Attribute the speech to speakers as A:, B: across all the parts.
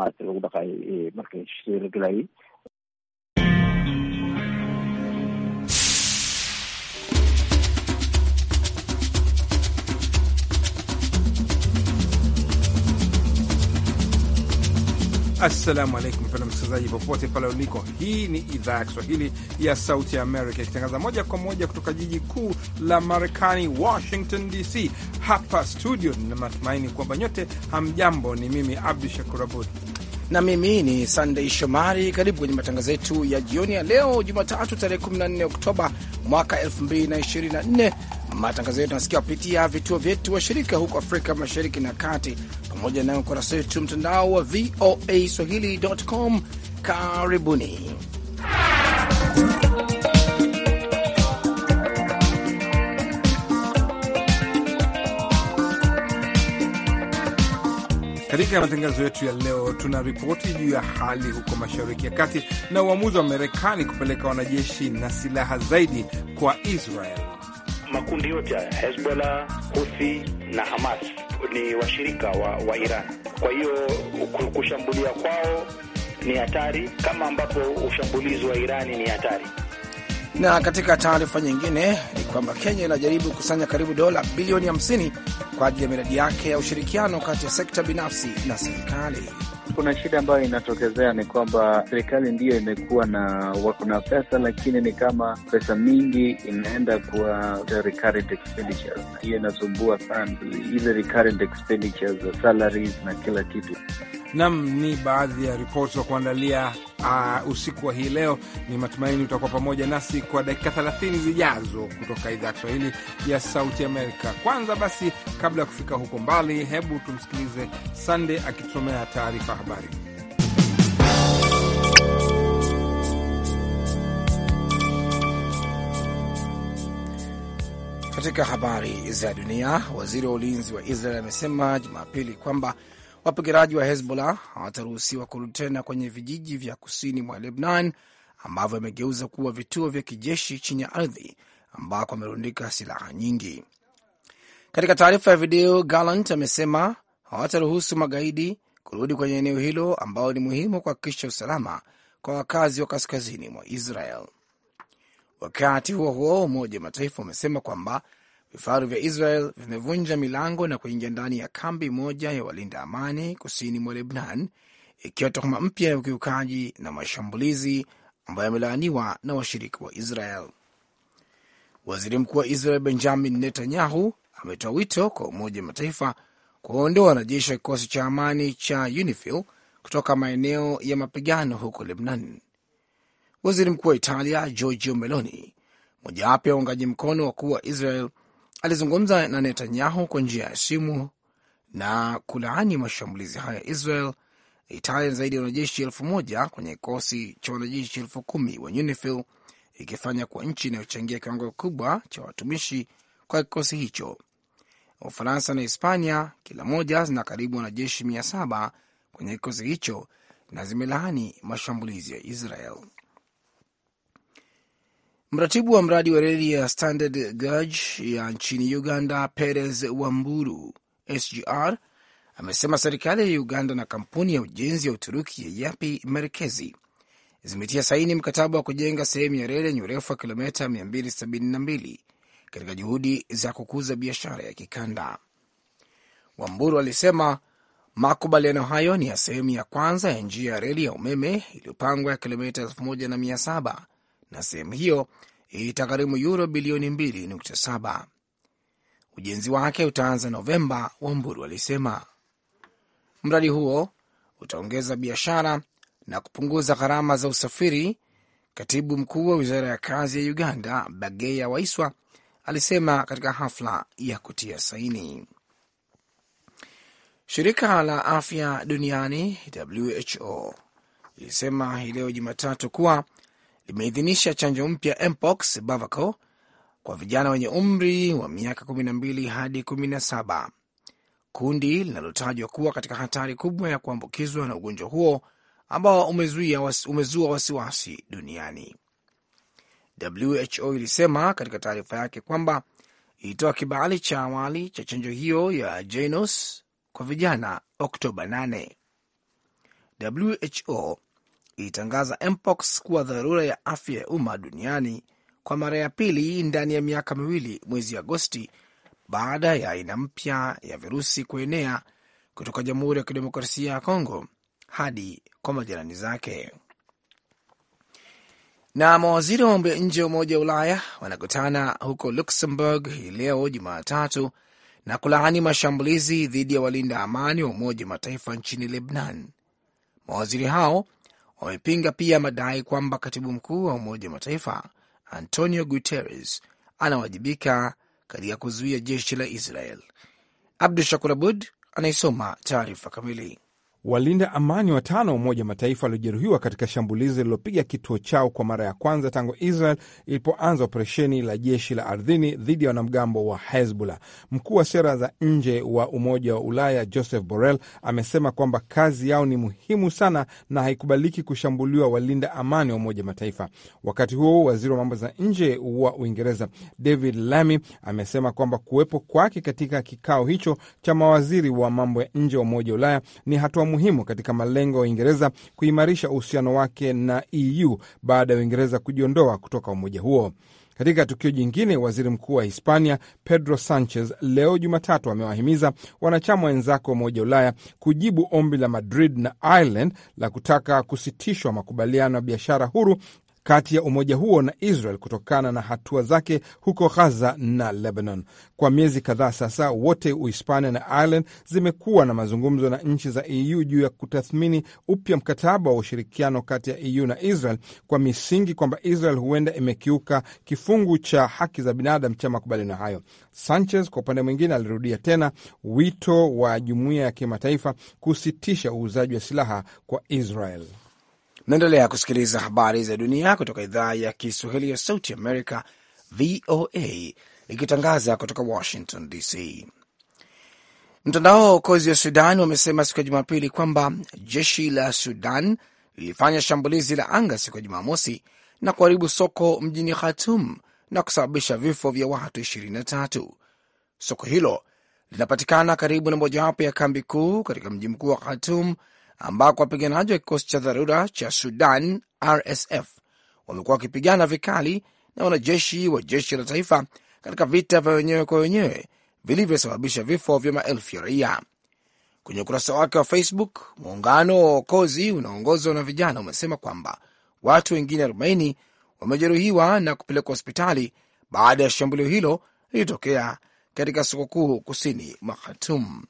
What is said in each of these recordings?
A: maaragtay lagu dhaqaayay markii heshiisiya la galayay
B: Assalamu alaikum mpenda msikilizaji, popote pale uliko. Hii ni idhaa ya Kiswahili ya Sauti ya Amerika ikitangaza moja kwa moja kutoka jiji kuu la Marekani, Washington DC. Hapa studio, nina matumaini kwamba nyote hamjambo. Ni mimi Abdu Shakur Abud
C: na mimi ni sandey Shomari. Karibu kwenye matangazo yetu ya jioni ya leo Jumatatu, tarehe 14 Oktoba mwaka 2024. Matangazo yetu nasikia kupitia vituo vyetu washirika huko Afrika Mashariki na Kati, pamoja na ukurasa wetu mtandao wa VOA Swahili.com. Karibuni
B: Katika matangazo yetu ya leo, tuna ripoti juu ya hali huko Mashariki ya Kati na uamuzi wa Marekani kupeleka wanajeshi na silaha zaidi kwa Israel.
A: Makundi yote haya Hezbollah, husi na Hamas ni washirika wa, wa Iran. Kwa hiyo kushambulia kwao ni hatari, kama ambapo ushambulizi wa Irani ni hatari.
C: Na katika taarifa nyingine ni kwamba Kenya inajaribu kukusanya karibu dola bilioni 50 kwa ajili ya miradi yake ya ushirikiano kati ya sekta binafsi na serikali. Kuna
D: shida ambayo inatokezea ni kwamba serikali ndiyo imekuwa na na pesa, lakini ni kama pesa mingi inaenda kwa recurrent expenditures. Hiyo inasumbua sana, hizo recurrent expenditures, salaries na kila kitu.
E: Nam ni
B: baadhi ya ripoti za kuandalia uh, usiku wa hii leo. Ni matumaini utakuwa pamoja nasi kwa dakika 30 zijazo kutoka idhaa ya Kiswahili ya Sauti Amerika. Kwanza basi, kabla ya kufika huko mbali, hebu tumsikilize Sande akitusomea taarifa habari.
C: Katika habari za dunia, waziri wa ulinzi wa Israel amesema Jumapili kwamba Wapiganaji wa Hezbollah hawataruhusiwa kurudi tena kwenye vijiji vya kusini mwa Lebnan ambavyo wamegeuza kuwa vituo vya kijeshi chini ya ardhi ambako wamerundika silaha nyingi. Katika taarifa ya video, Gallant amesema hawataruhusu magaidi kurudi kwenye eneo hilo ambao ni muhimu kuhakikisha usalama kwa wakazi wa kaskazini mwa Israel. Wakati huo huo, Umoja wa Mataifa umesema kwamba Vifaru vya Israel vimevunja milango na kuingia ndani ya kambi moja ya walinda amani kusini mwa Lebnan, ikiwa tuhuma mpya ya ukiukaji na mashambulizi ambayo yamelaaniwa na washirika wa Israel. Waziri Mkuu wa Israel Benjamin Netanyahu ametoa wito kwa Umoja wa Mataifa kuwaondoa wanajeshi wa kikosi cha amani cha UNIFIL kutoka maeneo ya mapigano huko Lebnan. Waziri Mkuu wa Italia Giorgio Meloni, mojawapo ya uungaji mkono wakuu wa Israel, alizungumza na Netanyahu kwa njia ya simu na kulaani mashambulizi hayo ya Israel Italia zaidi ya wanajeshi elfu moja kwenye kikosi cha wanajeshi elfu kumi wa UNIFIL ikifanya kwa nchi inayochangia kiwango kikubwa cha watumishi kwa kikosi hicho. Ufaransa na Hispania kila moja zina karibu wanajeshi mia saba kwenye kikosi hicho na zimelaani mashambulizi ya Israel. Mratibu wa mradi wa reli ya Standard Gauge ya nchini Uganda, Perez Wamburu SGR, amesema serikali ya Uganda na kampuni ya ujenzi ya Uturuki ya Yapi Merkezi zimetia saini mkataba wa kujenga sehemu ya reli yenye urefu wa kilomita 272 katika juhudi za kukuza biashara ya kikanda. Wamburu alisema makubaliano hayo ni ya sehemu ya kwanza ya njia ya reli ya umeme iliyopangwa ya kilomita 1700 na sehemu hiyo itagharimu yuro bilioni 2.7. Ujenzi wake utaanza Novemba, Wamburu alisema. Mradi huo utaongeza biashara na kupunguza gharama za usafiri. Katibu mkuu wa wizara ya kazi ya Uganda, Bageya Waiswa, alisema katika hafla ya kutia saini. Shirika la afya duniani WHO lilisema hii leo Jumatatu kuwa limeidhinisha chanjo mpya mpox Bavaco kwa vijana wenye umri wa miaka 12 hadi 17, kundi linalotajwa kuwa katika hatari kubwa ya kuambukizwa na ugonjwa huo ambao umezua wasiwasi duniani. WHO ilisema katika taarifa yake kwamba ilitoa kibali cha awali cha chanjo hiyo ya Janos kwa vijana Oktoba 8. WHO ilitangaza mpox kuwa dharura ya afya ya umma duniani kwa mara ya pili ndani ya miaka miwili mwezi Agosti, baada ya aina mpya ya virusi kuenea kutoka Jamhuri ya Kidemokrasia ya Kongo hadi kwa majirani zake. Na mawaziri wa mambo ya nje ya Umoja wa Ulaya wanakutana huko Luxembourg hii leo Jumatatu na kulaani mashambulizi dhidi ya walinda amani wa Umoja wa Mataifa nchini Lebnan. Mawaziri hao wamepinga pia madai kwamba katibu mkuu wa Umoja wa Mataifa Antonio Guterres anawajibika katika kuzuia jeshi la Israel.
B: Abdu Shakur Abud anaisoma taarifa kamili. Walinda amani watano wa Umoja Mataifa waliojeruhiwa katika shambulizi lililopiga kituo chao kwa mara ya kwanza tangu Israel ilipoanza operesheni la jeshi la ardhini dhidi ya wanamgambo wa Hezbollah. Mkuu wa sera za nje wa Umoja wa Ulaya Joseph Borrell amesema kwamba kazi yao ni muhimu sana na haikubaliki kushambuliwa walinda amani wa Umoja Mataifa. Wakati huo, waziri wa mambo za nje wa Uingereza David Lammy amesema kwamba kuwepo kwake katika kikao hicho cha mawaziri wa mambo ya nje wa Umoja wa Ulaya ni hatua muhimu katika malengo ya Uingereza kuimarisha uhusiano wake na EU baada ya Uingereza kujiondoa kutoka umoja huo. Katika tukio jingine, waziri mkuu wa Hispania Pedro Sanchez leo Jumatatu amewahimiza wanachama wenzake wa Umoja wa Ulaya kujibu ombi la Madrid na Ireland la kutaka kusitishwa makubaliano ya biashara huru kati ya umoja huo na Israel kutokana na hatua zake huko Ghaza na Lebanon. Kwa miezi kadhaa sasa, wote Uhispania na Ireland zimekuwa na mazungumzo na nchi za EU juu ya kutathmini upya mkataba wa ushirikiano kati ya EU na Israel kwa misingi kwamba Israel huenda imekiuka kifungu cha haki za binadamu cha makubaliano hayo. Sanchez kwa upande mwingine, alirudia tena wito wa jumuiya ya kimataifa kusitisha uuzaji wa silaha kwa Israel.
C: Naendelea kusikiliza habari za dunia kutoka idhaa ya Kiswahili ya Sauti Amerika, VOA, ikitangaza kutoka Washington DC. Mtandao wa Uokozi wa Sudan wamesema siku ya Jumapili kwamba jeshi la Sudan lilifanya shambulizi la anga siku ya Jumamosi na kuharibu soko mjini Khartoum na kusababisha vifo vya watu 23. Soko hilo linapatikana karibu na mojawapo ya kambi kuu katika mji mkuu wa Khartoum ambako wapiganaji wa kikosi cha dharura cha Sudan RSF wamekuwa wakipigana vikali na wanajeshi wa jeshi la taifa katika vita vya wenyewe kwa wenyewe vilivyosababisha vifo vya maelfu ya raia. Kwenye ukurasa wake wa Facebook, muungano wa uokozi unaongozwa na vijana umesema kwamba watu wengine 40 wamejeruhiwa na kupelekwa hospitali baada ya shambulio hilo lilitokea katika soko kuu kusini mwa Khartoum.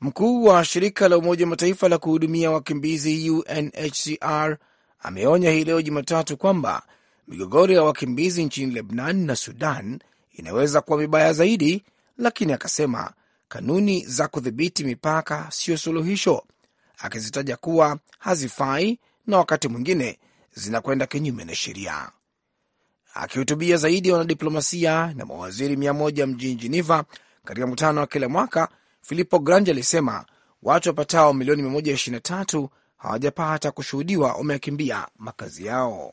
C: Mkuu wa shirika la Umoja wa Mataifa la kuhudumia wakimbizi UNHCR ameonya hii leo Jumatatu kwamba migogoro ya wakimbizi nchini Lebanon na Sudan inaweza kuwa mibaya zaidi, lakini akasema kanuni za kudhibiti mipaka siyo suluhisho, akizitaja kuwa hazifai na wakati mwingine zinakwenda kinyume na sheria. Akihutubia zaidi ya wanadiplomasia na mawaziri mia moja mjini Geneva katika mkutano wa kila mwaka Filippo Grandi alisema watu wapatao milioni 123 hawajapata kushuhudiwa wamekimbia makazi yao.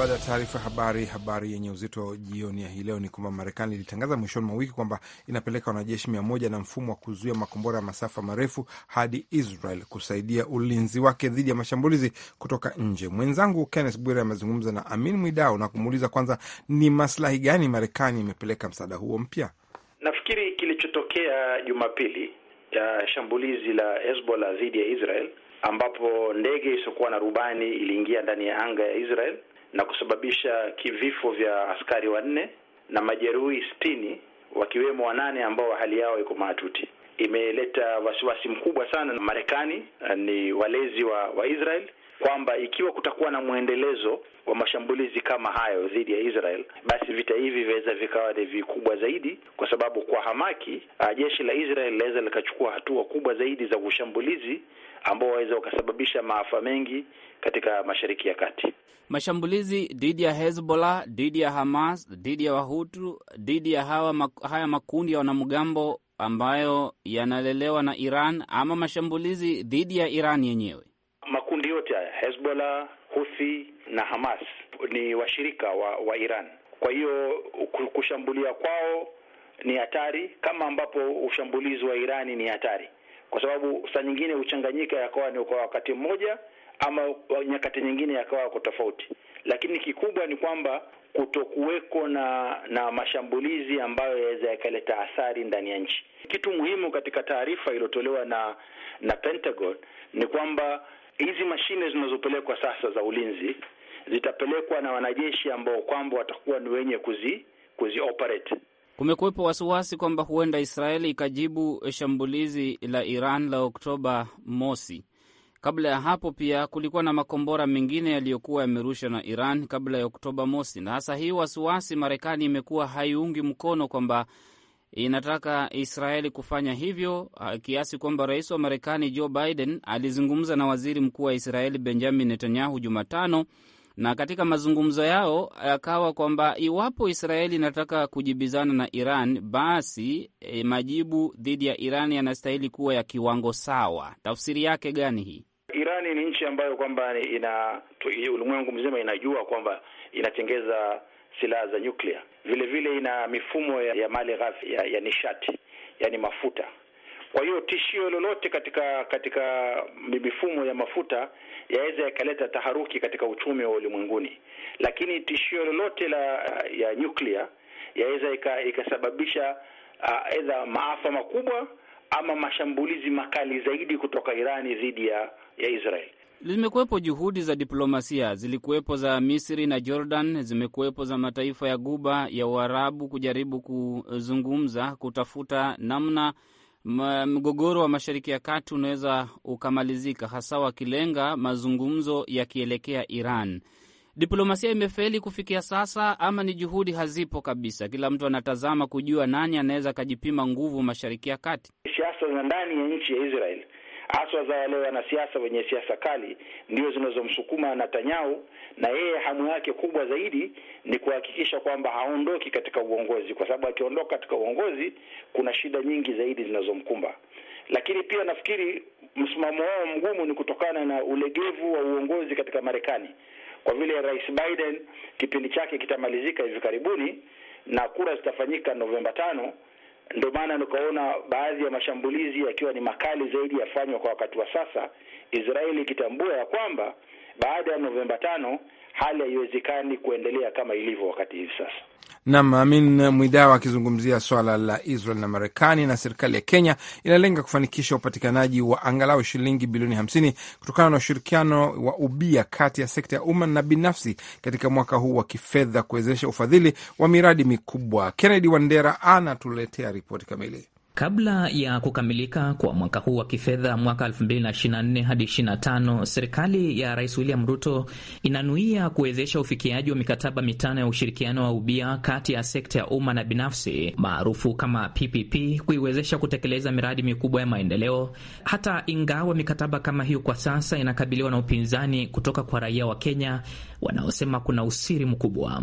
B: baada ya taarifa habari. Habari yenye uzito jioni ya hii leo ni kwamba Marekani ilitangaza mwishoni mwa wiki kwamba inapeleka wanajeshi mia moja na mfumo wa kuzuia makombora ya masafa marefu hadi Israel kusaidia ulinzi wake dhidi ya mashambulizi kutoka nje. Mwenzangu kennes Bwire amezungumza na Amin Mwidau na kumuuliza kwanza, ni maslahi gani Marekani imepeleka msaada huo mpya?
A: Nafikiri kilichotokea Jumapili ya shambulizi la Hezbollah dhidi ya Israel ambapo ndege isiyokuwa na rubani iliingia ndani ya anga ya Israel na kusababisha kivifo vya askari wanne na majeruhi sitini wakiwemo wanane ambao hali yao iko mahatuti Imeleta wasiwasi mkubwa sana na Marekani eh, ni walezi wa, wa Israel kwamba ikiwa kutakuwa na mwendelezo wa mashambulizi kama hayo dhidi ya Israel, basi vita hivi vinaweza vikawa ni vikubwa zaidi, kwa sababu kwa hamaki eh, jeshi la Israel linaweza likachukua hatua kubwa zaidi za ushambulizi ambao waweza ukasababisha maafa mengi katika Mashariki ya Kati.
D: Mashambulizi dhidi ya Hezbollah, dhidi ya Hamas, dhidi ya Wahutu, dhidi ya hawa haya makundi ya wanamgambo ambayo yanalelewa na Iran, ama mashambulizi dhidi ya Iran yenyewe,
A: makundi yote haya Hezbollah, huthi na Hamas ni washirika wa, wa Iran. Kwa hiyo kushambulia kwao ni hatari, kama ambapo ushambulizi wa Irani ni hatari kwa sababu saa nyingine huchanganyika yakawa ni kwa wakati mmoja ama nyakati nyingine yakawa yako tofauti, lakini kikubwa ni kwamba kutokuweko na na mashambulizi ambayo yaweza yakaleta athari ndani ya nchi. Kitu muhimu katika taarifa iliyotolewa na na Pentagon ni kwamba hizi mashine zinazopelekwa sasa za ulinzi zitapelekwa na wanajeshi ambao kwamba watakuwa ni wenye kuzi kuzi operate
D: Kumekuwepo wasiwasi kwamba huenda Israeli ikajibu shambulizi la Iran la Oktoba mosi. Kabla ya hapo pia kulikuwa na makombora mengine yaliyokuwa yamerushwa na Iran kabla ya Oktoba mosi, na hasa hii wasiwasi, Marekani imekuwa haiungi mkono kwamba inataka Israeli kufanya hivyo, eh, kiasi kwamba rais wa Marekani Joe Biden alizungumza na waziri mkuu wa Israeli Benjamin Netanyahu Jumatano na katika mazungumzo yao yakawa kwamba iwapo Israeli inataka kujibizana na Iran basi e, majibu dhidi ya Iran yanastahili kuwa ya kiwango sawa. Tafsiri yake gani hii?
A: Irani ni nchi ambayo kwamba ina ulimwengu mzima inajua kwamba inatengeza silaha za nyuklia, vile vile ina mifumo ya, ya mali ghafi ya, ya nishati yani mafuta. Kwa hiyo tishio lolote katika katika mifumo ya mafuta yaweza yakaleta taharuki katika uchumi wa ulimwenguni, lakini tishio lolote la ya nyuklia yaweza ikasababisha aidha uh, maafa makubwa ama mashambulizi makali zaidi kutoka Irani dhidi ya, ya Israel.
D: Zimekuwepo juhudi za diplomasia, zilikuwepo za Misri na Jordan, zimekuwepo za mataifa ya Guba ya Uarabu kujaribu kuzungumza, kutafuta namna mgogoro wa Mashariki ya Kati unaweza ukamalizika, hasa wakilenga mazungumzo yakielekea Iran. Diplomasia imefeli kufikia sasa, ama ni juhudi hazipo kabisa? Kila mtu anatazama kujua nani anaweza akajipima nguvu Mashariki ya Kati.
A: Siasa za ndani ya nchi ya Israel haswa za wale wanasiasa wenye siasa kali ndio zinazomsukuma Netanyahu, na yeye hamu yake kubwa zaidi ni kuhakikisha kwamba haondoki katika uongozi, kwa sababu akiondoka katika uongozi kuna shida nyingi zaidi zinazomkumba. Lakini pia nafikiri msimamo wao mgumu ni kutokana na ulegevu wa uongozi katika Marekani, kwa vile Rais Biden kipindi chake kitamalizika hivi karibuni na kura zitafanyika Novemba tano. Ndio maana nikaona baadhi ya mashambulizi yakiwa ni makali zaidi yafanywa kwa wakati wa sasa, Israeli ikitambua ya kwamba baada ya Novemba tano hali haiwezekani kuendelea kama ilivyo wakati hivi sasa.
B: Nam Amin Mwidao akizungumzia swala la Israel na Marekani na serikali ya Kenya inalenga kufanikisha upatikanaji wa angalau shilingi bilioni 50 kutokana na ushirikiano wa ubia kati ya sekta ya umma na binafsi katika mwaka huu wa kifedha kuwezesha ufadhili wa miradi mikubwa. Kennedy Wandera anatuletea ripoti kamili.
F: Kabla ya kukamilika kwa mwaka huu wa kifedha mwaka 2024 hadi 25, serikali ya Rais William Ruto inanuia kuwezesha ufikiaji wa mikataba mitano ya ushirikiano wa ubia kati ya sekta ya umma na binafsi maarufu kama PPP, kuiwezesha kutekeleza miradi mikubwa ya maendeleo, hata ingawa mikataba kama hiyo kwa sasa inakabiliwa na upinzani kutoka kwa raia wa Kenya wanaosema kuna usiri mkubwa.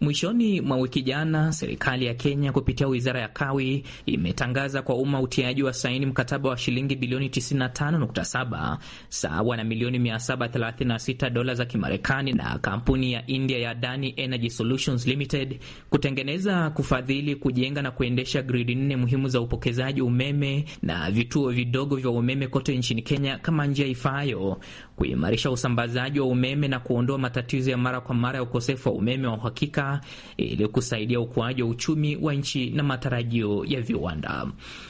F: Mwishoni mwa wiki jana, serikali ya Kenya kupitia wizara ya kawi imetangaza kutangaza kwa umma utiaji wa saini mkataba wa shilingi bilioni 95.7 sawa na milioni 736 dola za Kimarekani na kampuni ya India ya dani Energy Solutions Limited kutengeneza, kufadhili, kujenga na kuendesha gridi nne muhimu za upokezaji umeme na vituo vidogo vya umeme kote nchini Kenya kama njia ifaayo kuimarisha usambazaji wa umeme na kuondoa matatizo ya mara kwa mara ya ukosefu wa umeme wa uhakika ili kusaidia ukuaji wa uchumi wa nchi na matarajio ya viwanda.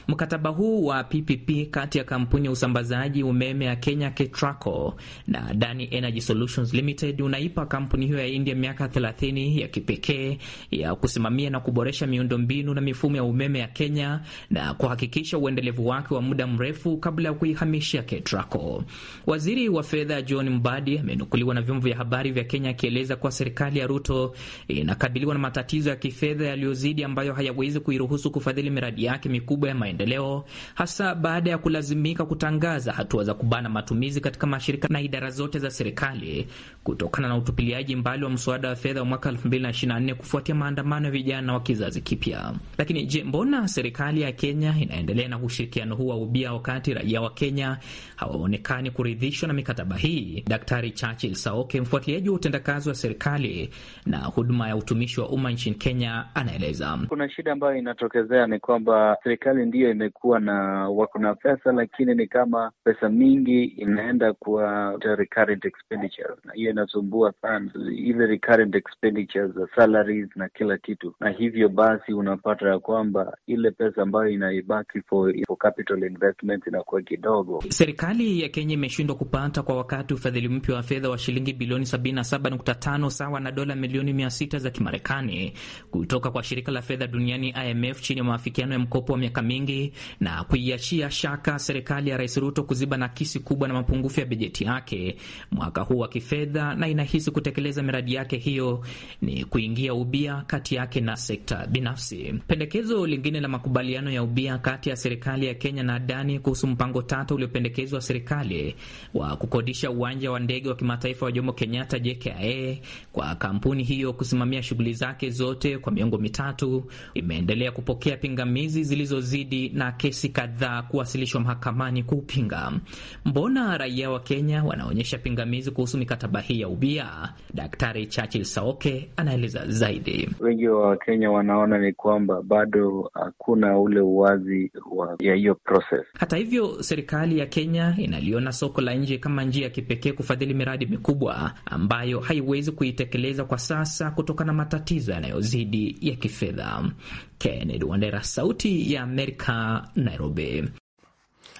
F: Mkataba huu wa PPP kati ya kampuni ya usambazaji umeme ya Kenya KETRACO na Dani Energy Solutions Limited unaipa kampuni hiyo ya India miaka 30 ya kipekee ya kusimamia na kuboresha miundombinu na mifumo ya umeme ya Kenya na kuhakikisha uendelevu wake wa muda mrefu kabla ya kuihamishia KETRACO. Waziri wa fedha John Mbadi amenukuliwa na vyombo vya habari vya Kenya akieleza kuwa serikali ya Ruto inakabiliwa na matatizo ya kifedha yaliyozidi ambayo hayawezi kuiruhusu kufadhili miradi yake mikubwa ya maendeleo, hasa baada ya kulazimika kutangaza hatua za kubana matumizi katika mashirika na idara zote za serikali kutokana na utupiliaji mbali wa mswada wa fedha wa mwaka 2024 kufuatia maandamano ya vijana wa kizazi kipya. Lakini je, mbona serikali ya Kenya inaendelea na ushirikiano huu wa ubia wakati raia wa Kenya hawaonekani kuridhishwa na mikataba mikataba hii. Daktari Churchill Saoke, mfuatiliaji wa utendakazi wa serikali na huduma ya utumishi wa umma nchini Kenya, anaeleza
D: kuna shida ambayo inatokezea ni kwamba serikali ndiyo imekuwa na wako na pesa, lakini ni kama pesa mingi inaenda kwa recurrent expenditures, na hiyo inasumbua sana ile recurrent expenditures salaries na kila kitu, na hivyo basi unapata ya kwamba ile pesa ambayo inaibaki for, for capital investment inakuwa kidogo.
F: Serikali ya Kenya imeshindwa kupata kwa wakati ufadhili mpya wa fedha wa shilingi bilioni 77.5 sawa na dola milioni 600 za Kimarekani kutoka kwa shirika la fedha duniani IMF chini ya maafikiano ya mkopo wa miaka mingi na kuiachia shaka serikali ya Rais Ruto kuziba nakisi kubwa na mapungufu ya bajeti yake mwaka huu wa kifedha, na inahisi kutekeleza miradi yake hiyo ni kuingia ubia kati yake na sekta binafsi. Pendekezo lingine la makubaliano ya ubia kati ya serikali ya Kenya na Adani kuhusu mpango tata uliopendekezwa serikali wa kukodi kukodisha uwanja wa ndege wa kimataifa wa Jomo Kenyatta JKA kwa kampuni hiyo kusimamia shughuli zake zote kwa miongo mitatu, imeendelea kupokea pingamizi zilizozidi na kesi kadhaa kuwasilishwa mahakamani kuupinga. Mbona raia wa Kenya wanaonyesha pingamizi kuhusu mikataba hii ya ubia? Daktari Churchill Saoke anaeleza zaidi.
D: Wengi wa Wakenya wanaona ni kwamba bado hakuna ule uwazi wa ya hiyo process.
F: Hata hivyo, serikali ya Kenya inaliona soko la nje kama nje njia ya kipekee kufadhili miradi mikubwa ambayo haiwezi kuitekeleza kwa sasa kutokana na matatizo yanayozidi ya kifedha. Kennedy Wandera, Sauti ya Amerika, Nairobi.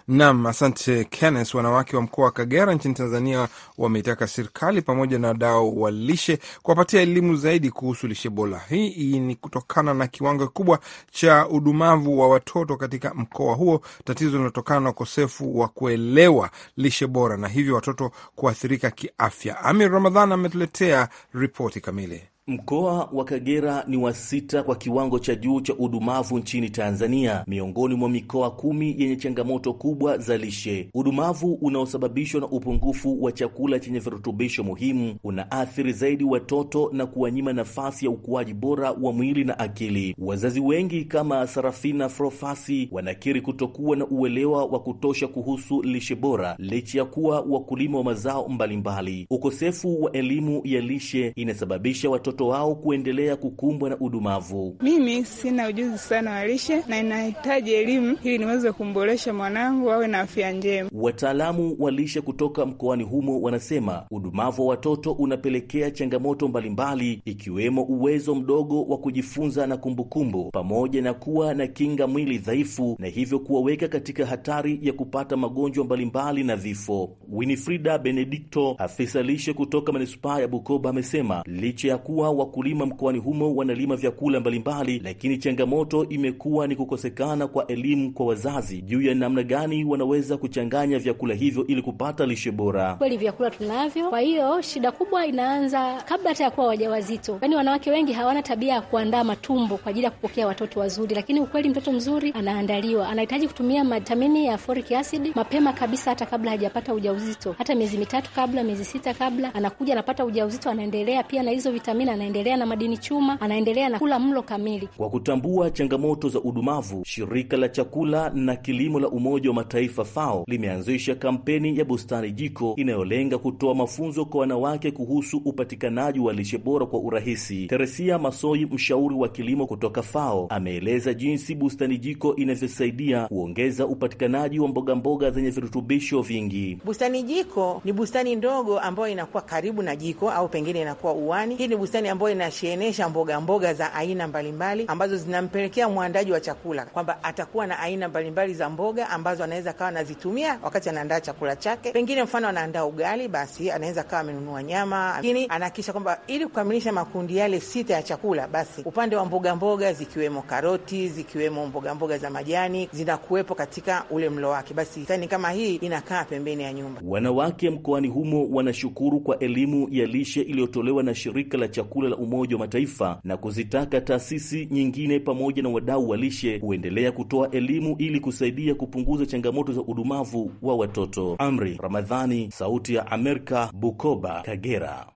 F: Nam, asante
B: Kenneth. Wanawake wa mkoa wa Kagera nchini Tanzania wameitaka serikali pamoja na wadau wa lishe kuwapatia elimu zaidi kuhusu lishe bora. Hii ni kutokana na kiwango kikubwa cha udumavu wa watoto katika mkoa huo, tatizo linalotokana na ukosefu wa kuelewa lishe bora na hivyo watoto kuathirika kiafya. Amir Ramadhan ametuletea ripoti kamili.
G: Mkoa wa Kagera ni wa sita kwa kiwango cha juu cha udumavu nchini Tanzania, miongoni mwa mikoa kumi yenye changamoto kubwa za lishe. Udumavu unaosababishwa na upungufu wa chakula chenye virutubisho muhimu unaathiri zaidi watoto na kuwanyima nafasi ya ukuaji bora wa mwili na akili. Wazazi wengi kama Sarafina Frofasi wanakiri kutokuwa na uelewa wa kutosha kuhusu lishe bora, licha ya kuwa wakulima wa mazao mbalimbali mbali. Ukosefu wa elimu ya lishe inasababisha watoto watoto wao kuendelea kukumbwa na udumavu.
D: Mimi sina ujuzi sana wa lishe na inahitaji elimu ili niweze kumboresha mwanangu awe na afya njema.
G: Wataalamu wa lishe kutoka mkoani humo wanasema udumavu wa watoto unapelekea changamoto mbalimbali, ikiwemo uwezo mdogo wa kujifunza na kumbukumbu, pamoja na kuwa na kinga mwili dhaifu, na hivyo kuwaweka katika hatari ya kupata magonjwa mbalimbali na vifo. Winifrida benedicto afisa lishe kutoka manispaa ya Bukoba, amesema licha ya kuwa kuwa wakulima mkoani humo wanalima vyakula mbalimbali, lakini changamoto imekuwa ni kukosekana kwa elimu kwa wazazi juu ya namna gani wanaweza kuchanganya vyakula hivyo ili kupata lishe bora.
F: Kweli vyakula tunavyo, kwa hiyo shida kubwa inaanza kabla hata ya kuwa wajawazito, yaani wanawake wengi hawana tabia ya kuandaa matumbo kwa ajili ya kupokea watoto wazuri, lakini ukweli mtoto mzuri anaandaliwa, anahitaji kutumia vitamini ya folic acid mapema kabisa, hata kabla hajapata ujauzito, hata miezi mitatu kabla, miezi sita kabla, anakuja anapata ujauzito, anaendelea pia na hizo vitamini anaendelea na madini chuma, anaendelea na kula mlo kamili.
G: Kwa kutambua changamoto za udumavu, shirika la chakula na kilimo la Umoja wa Mataifa FAO limeanzisha kampeni ya bustani jiko inayolenga kutoa mafunzo kwa wanawake kuhusu upatikanaji wa lishe bora kwa urahisi. Teresia Masoi, mshauri wa kilimo kutoka FAO, ameeleza jinsi bustani jiko inavyosaidia kuongeza upatikanaji wa mboga mboga zenye virutubisho vingi.
F: Bustani jiko ni bustani ndogo ambayo inakuwa karibu na jiko au pengine inakuwa uwani. Hii ni bustani bustani ambayo inashienesha mboga mboga za aina mbalimbali ambazo zinampelekea mwandaji wa chakula kwamba atakuwa na aina mbalimbali za mboga ambazo anaweza kawa anazitumia wakati anaandaa chakula chake. Pengine mfano anaandaa ugali, basi anaweza kawa amenunua nyama, lakini anahakikisha kwamba ili kukamilisha makundi yale sita ya chakula, basi upande wa mboga mboga zikiwemo karoti, zikiwemo mboga mboga za majani zinakuwepo katika ule mlo wake. Basi tani kama hii inakaa pembeni ya nyumba.
G: Wanawake mkoani humo wanashukuru kwa elimu ya lishe iliyotolewa na shirika la chakula chakula la Umoja wa Mataifa na kuzitaka taasisi nyingine pamoja na wadau wa lishe kuendelea kutoa elimu ili kusaidia kupunguza changamoto za udumavu wa watoto. Amri Ramadhani, Sauti ya Amerika, Bukoba, Kagera.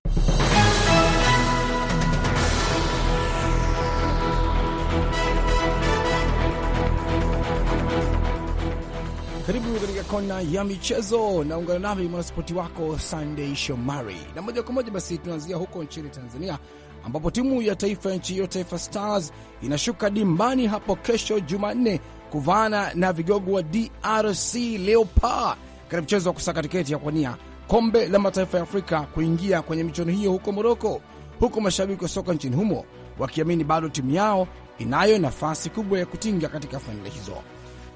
C: Karibu katika kona ya michezo, naungana nami mwanaspoti wako Sunday Shomari, na moja kwa moja basi tunaanzia huko nchini Tanzania ambapo timu ya taifa ya nchi hiyo Taifa Stars inashuka dimbani hapo kesho Jumanne kuvaana na vigogo wa DRC leopa katika mchezo wa kusaka tiketi ya kuwania kombe la mataifa ya Afrika kuingia kwenye michuano hiyo huko Moroko, huku mashabiki wa soka nchini humo wakiamini bado timu yao inayo nafasi kubwa ya kutinga katika fainali hizo.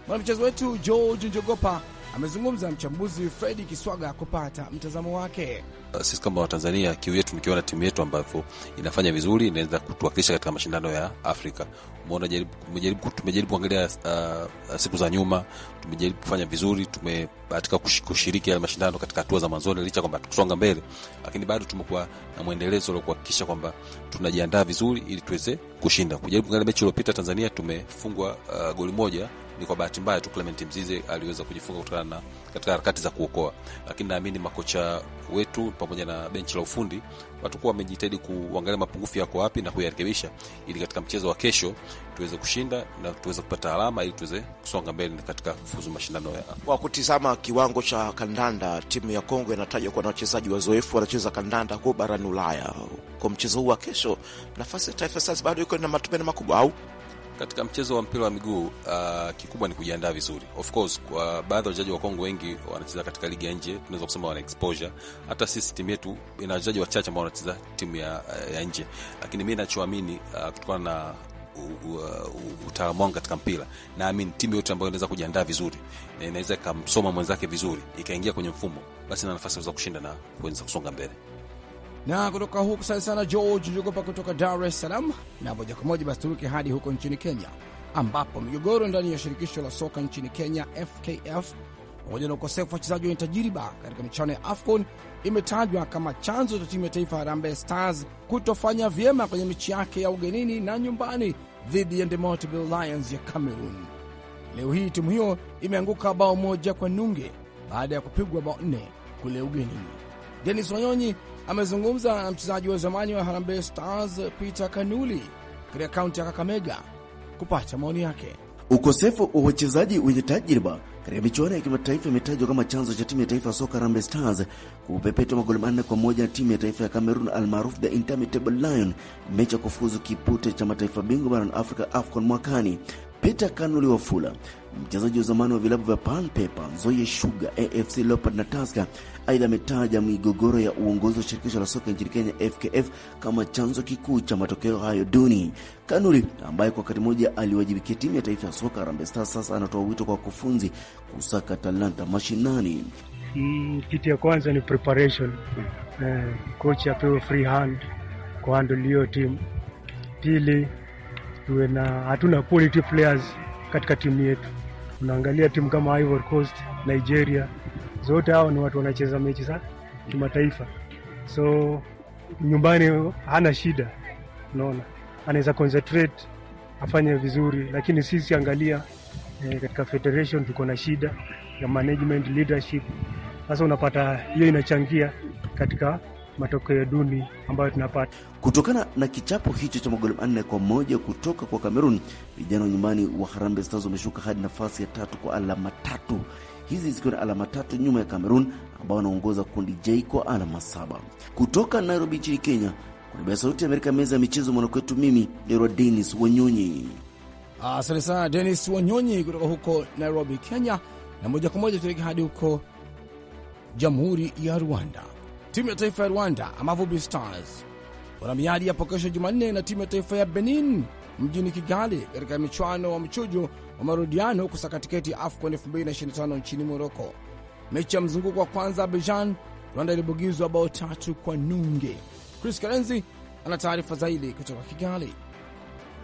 C: Mwanamchezo wetu George Njogopa amezungumza mchambuzi Fredi Kiswaga kupata mtazamo wake.
E: Uh, sisi kama Watanzania, kiu yetu nikiona timu yetu ambavyo inafanya vizuri inaweza kutuwakilisha katika mashindano ya Afrika. Umeona, tumejaribu kuangalia uh, uh, siku za nyuma, tumejaribu kufanya vizuri, tumebahatika kushiriki ya mashindano katika hatua za mwanzoni, licha kwamba tukusonga mbele, lakini bado tumekuwa na mwendelezo wa kuhakikisha kwamba tunajiandaa vizuri ili tuweze kushinda. Kujaribu kuangalia mechi iliyopita, Tanzania tumefungwa uh, goli moja ni kwa bahati mbaya tu Clement Mzize aliweza kujifunga kutokana na katika harakati za kuokoa, lakini naamini makocha wetu pamoja na benchi la ufundi watakuwa wamejitahidi kuangalia mapungufu yako wapi na kuyarekebisha, ili katika mchezo wa kesho tuweze kushinda na tuweze kupata alama, ili tuweze kusonga mbele katika kufuzu mashindano ya.
H: Kwa kutizama kiwango cha kandanda, timu ya Kongo inatajwa kuwa na wachezaji wazoefu wanacheza kandanda huko barani Ulaya.
E: Kwa mchezo huu wa kesho, nafasi ya Taifa Stars bado iko na matumaini makubwa au katika mchezo wa mpira wa miguu uh, kikubwa ni kujiandaa vizuri. Of course kwa baadhi ya wachezaji wa Kongo wengi wanacheza katika ligi ya nje, tunaweza kusema wana exposure. Hata sisi timu yetu ina wachezaji wachache ambao wanacheza timu ya, uh, ya nje, lakini mi nachoamini uh, kutokana na uh, utaalamu wangu katika mpira, naamini timu yote ambayo inaweza kujiandaa vizuri na inaweza ikamsoma mwenzake vizuri, ikaingia kwenye mfumo, basi na nafasi ya kuweza kushinda na kuweza kusonga mbele
C: na kutoka huku sana sana George jogopa kutoka Dar es Salaam, na moja kwa moja basi turuke hadi huko nchini Kenya, ambapo migogoro ndani ya shirikisho la soka nchini Kenya FKF pamoja na ukosefu wa wachezaji wenye tajiriba katika michuano ya AFCON imetajwa kama chanzo cha timu ya taifa Harambee Stars kutofanya vyema kwenye michi yake ya ugenini na nyumbani dhidi ya Indomitable Lions ya Cameroon. Leo hii timu hiyo imeanguka bao moja kwa nunge baada ya kupigwa bao nne kule ugenini. Denis Wanyonyi amezungumza na mchezaji wa zamani wa Harambee Stars Peter Kanuli katika kaunti ya Kakamega kupata maoni yake.
H: Ukosefu wa wachezaji wenye tajriba katika michuano ya kimataifa imetajwa kama chanzo cha timu ya taifa ya soka Harambee Stars kupepetwa magoli manne kwa moja na timu ya taifa ya Cameroon almaarufu the Indomitable Lion, mechi ya kufuzu kipute cha mataifa bingwa barani Afrika AFCON mwakani. Peter Kanuli Wafula, mchezaji wa zamani wa vilabu vya Pan Pepa, Nzoia Sugar, AFC Leopards na Tusker. Aidha, ametaja migogoro ya uongozi wa shirikisho la soka nchini Kenya FKF kama chanzo kikuu cha matokeo hayo duni. Kanuri ambaye kwa wakati mmoja aliwajibikia timu ya taifa ya soka Harambee Stars, sasa anatoa wito kwa wakufunzi kusaka talanta mashinani.
A: Mm, kitu ya kwanza ni preparation. Eh, kocha apewe free hand kuhandle hiyo timu. Pili tuwe na hatuna quality players katika timu yetu. Unaangalia timu kama Ivory Coast, Nigeria, zote hao ni watu wanacheza mechi za kimataifa, so nyumbani hana shida, unaona anaweza concentrate afanye vizuri, lakini sisi angalia eh, katika federation tuko na shida ya management leadership. Sasa unapata hiyo inachangia katika matokeo duni ambayo tunapata
H: kutokana na kichapo hicho cha magoli manne kwa moja kutoka kwa Kamerun. Vijana wa nyumbani wa Harambee Stars wameshuka hadi nafasi ya tatu kwa alama tatu, hizi zikiwa na alama tatu nyuma ya Kamerun ambao wanaongoza kundi J kwa alama saba. Kutoka Nairobi nchini Kenya, kwa niaba ya Sauti ya Amerika, meza ya michezo mwanakwetu, mimi Nerwa Denis Wanyonyi.
C: Asante sana Denis Wanyonyi kutoka huko Nairobi, Kenya. Na moja kwa moja tuelekea hadi huko Jamhuri ya Rwanda timu ya taifa ya Rwanda amavubi Stars wana miadi hapo kesho Jumanne na timu ya taifa ya Benin mjini Kigali katika michuano wa mchujo wa marudiano kusaka tiketi ya AFCON 2025 nchini Moroko. Mechi ya mzunguko wa kwanza Abijan, Rwanda ilibugizwa bao tatu kwa nunge. Chris Karenzi ana taarifa zaidi kutoka Kigali.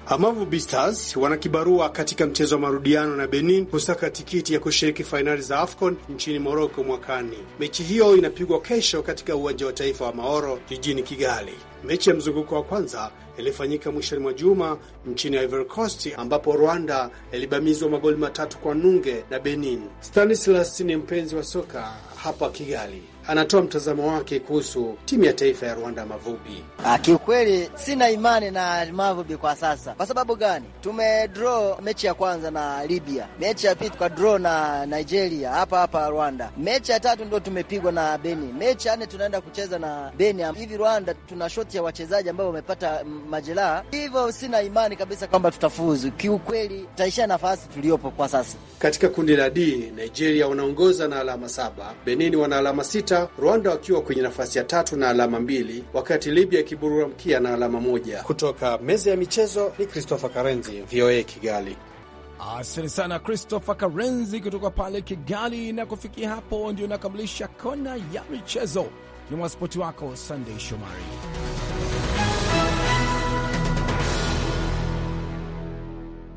H: Amavu Bistars wana kibarua katika mchezo wa marudiano na Benin kusaka tikiti ya kushiriki fainali za AFCON nchini Moroko mwakani. Mechi hiyo inapigwa kesho katika uwanja wa taifa wa Maoro jijini Kigali. Mechi ya mzunguko wa kwanza ilifanyika mwishoni mwa juma nchini Ivory Coast ambapo Rwanda ilibamizwa magoli matatu kwa nunge na Benin. Stanislas ni mpenzi wa soka hapa Kigali anatoa mtazamo wake kuhusu timu ya taifa ya Rwanda Mavubi. Ah, kiukweli sina imani na Mavubi kwa sasa. Kwa sababu gani? tumedro mechi ya kwanza na Libya, mechi ya pili tukadro na Nigeria hapa hapa Rwanda, mechi ya tatu ndo tumepigwa na Beni, mechi ya nne tunaenda kucheza na Beni. Hivi Rwanda tuna shoti ya wachezaji ambao wamepata majeraha, hivyo sina imani kabisa kwamba tutafuzu. Kiukweli tutaishia nafasi tuliyopo kwa sasa. Katika kundi la D, Nigeria wanaongoza na alama saba, Benini wana alama sita sita, Rwanda wakiwa kwenye nafasi ya tatu na alama mbili, wakati Libya mkia na alama moja. Kutoka meza ya michezo ni Christopher Karenzi, VOA Kigali.
C: Asante sana Christopher Karenzi kutoka pale Kigali. Na kufikia hapo, ndio nakamilisha kona ya michezo. Ni mwanaspoti wako Sandey Shomari.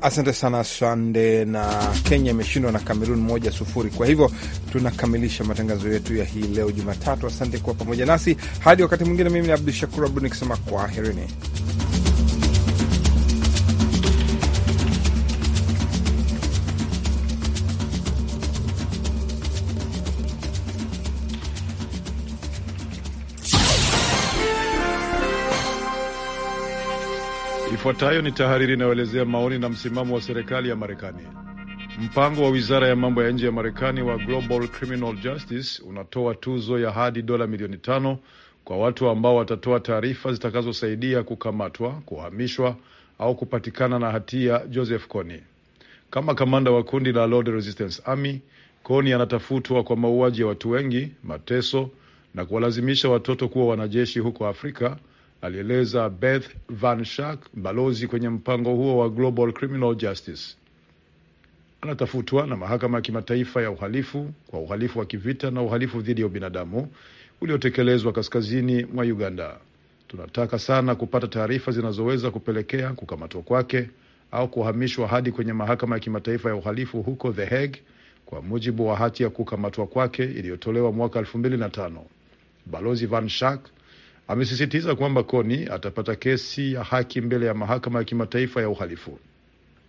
B: Asante sana Sande. Na Kenya imeshindwa na Kamerun moja sufuri. Kwa hivyo tunakamilisha matangazo yetu ya hii leo Jumatatu. Asante kuwa pamoja nasi hadi wakati mwingine. Mimi ni Abdu Shakur Abdu nikisema kwaherini.
I: Ifuatayo ni tahariri inayoelezea maoni na msimamo wa serikali ya Marekani. Mpango wa wizara ya mambo ya nje ya Marekani wa Global Criminal Justice unatoa tuzo ya hadi dola milioni tano kwa watu ambao watatoa taarifa zitakazosaidia kukamatwa, kuhamishwa au kupatikana na hatia Joseph Kony. Kama kamanda wa kundi la Lord Resistance Army, Kony anatafutwa kwa mauaji ya watu wengi, mateso na kuwalazimisha watoto kuwa wanajeshi huko Afrika alieleza Beth Van Schaak, balozi kwenye mpango huo wa Global Criminal Justice. Anatafutwa na mahakama ya kimataifa ya uhalifu kwa uhalifu wa kivita na uhalifu dhidi ya ubinadamu uliotekelezwa kaskazini mwa Uganda. Tunataka sana kupata taarifa zinazoweza kupelekea kukamatwa kwake au kuhamishwa hadi kwenye mahakama ya kimataifa ya uhalifu huko The Hague, kwa mujibu wa hati ya kukamatwa kwake iliyotolewa mwaka 2005. Balozi Van Schaak amesisitiza kwamba Koni atapata kesi ya haki mbele ya mahakama ya kimataifa ya uhalifu.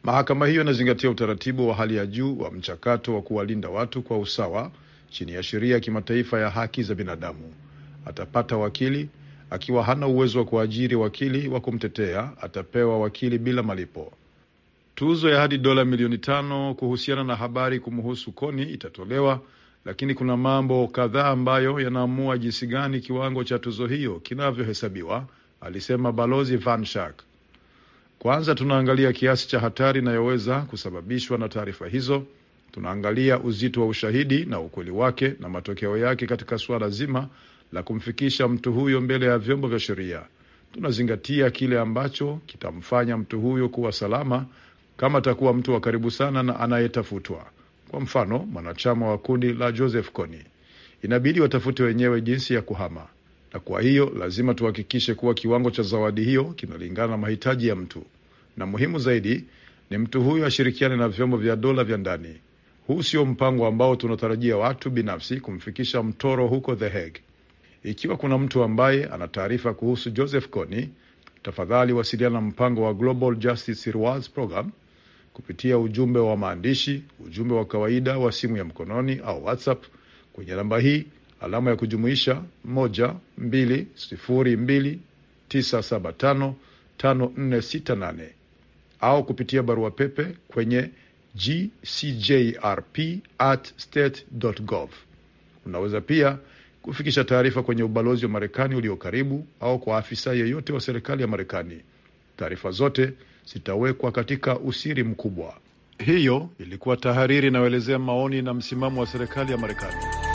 I: Mahakama hiyo inazingatia utaratibu wa hali ya juu wa mchakato wa kuwalinda watu kwa usawa chini ya sheria ya kimataifa ya haki za binadamu. Atapata wakili akiwa hana uwezo wa kuajiri wakili wa kumtetea, atapewa wakili bila malipo. Tuzo ya hadi dola milioni tano kuhusiana na habari kumhusu Koni itatolewa lakini kuna mambo kadhaa ambayo yanaamua jinsi gani kiwango cha tuzo hiyo kinavyohesabiwa, alisema Balozi Van Schaak. Kwanza tunaangalia kiasi cha hatari inayoweza kusababishwa na taarifa hizo. Tunaangalia uzito wa ushahidi na ukweli wake na matokeo yake katika suala zima la kumfikisha mtu huyo mbele ya vyombo vya sheria. Tunazingatia kile ambacho kitamfanya mtu huyo kuwa salama, kama atakuwa mtu wa karibu sana na anayetafutwa. Kwa mfano, mwanachama wa kundi la Joseph Kony inabidi watafute wenyewe jinsi ya kuhama, na kwa hiyo lazima tuhakikishe kuwa kiwango cha zawadi hiyo kinalingana na mahitaji ya mtu, na muhimu zaidi ni mtu huyo ashirikiane na vyombo vya dola vya ndani. Huu sio mpango ambao tunatarajia watu binafsi kumfikisha mtoro huko The Hague. Ikiwa kuna mtu ambaye ana taarifa kuhusu Joseph Kony, tafadhali wasiliana na mpango wa Global Justice Rewards Program kupitia ujumbe wa maandishi, ujumbe wa kawaida wa simu ya mkononi au WhatsApp kwenye namba hii alama ya kujumuisha 12029755468 au kupitia barua pepe kwenye gcjrp@state.gov. Unaweza pia kufikisha taarifa kwenye ubalozi wa Marekani ulio karibu au kwa afisa yeyote wa serikali ya Marekani. Taarifa zote zitawekwa katika usiri mkubwa. Hiyo ilikuwa tahariri inayoelezea maoni na msimamo wa serikali ya Marekani.